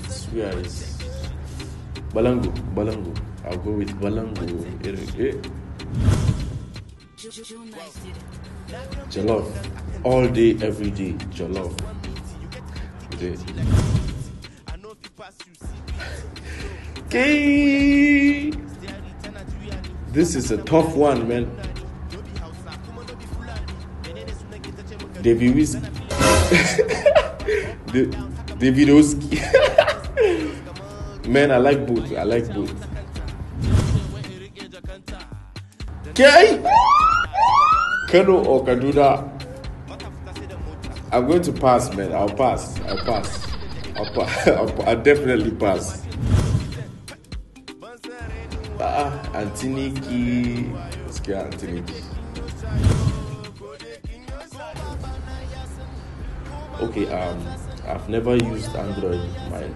beats. Where is Balangu, Balangu. I'll go with Balango. Eh, eh. Jollof. All day, every day. Jollof. Okay. This is a tough one, man. David Whiskey. Davidowski. Man, I like both. I like both. Okay. Kano or Kaduna. I'm going to pass, man. I'll pass. I'll pass. I'll, I'll definitely pass. Ah, Antiniki. Let's get Antiniki. Okay, um, I've never used Android my entire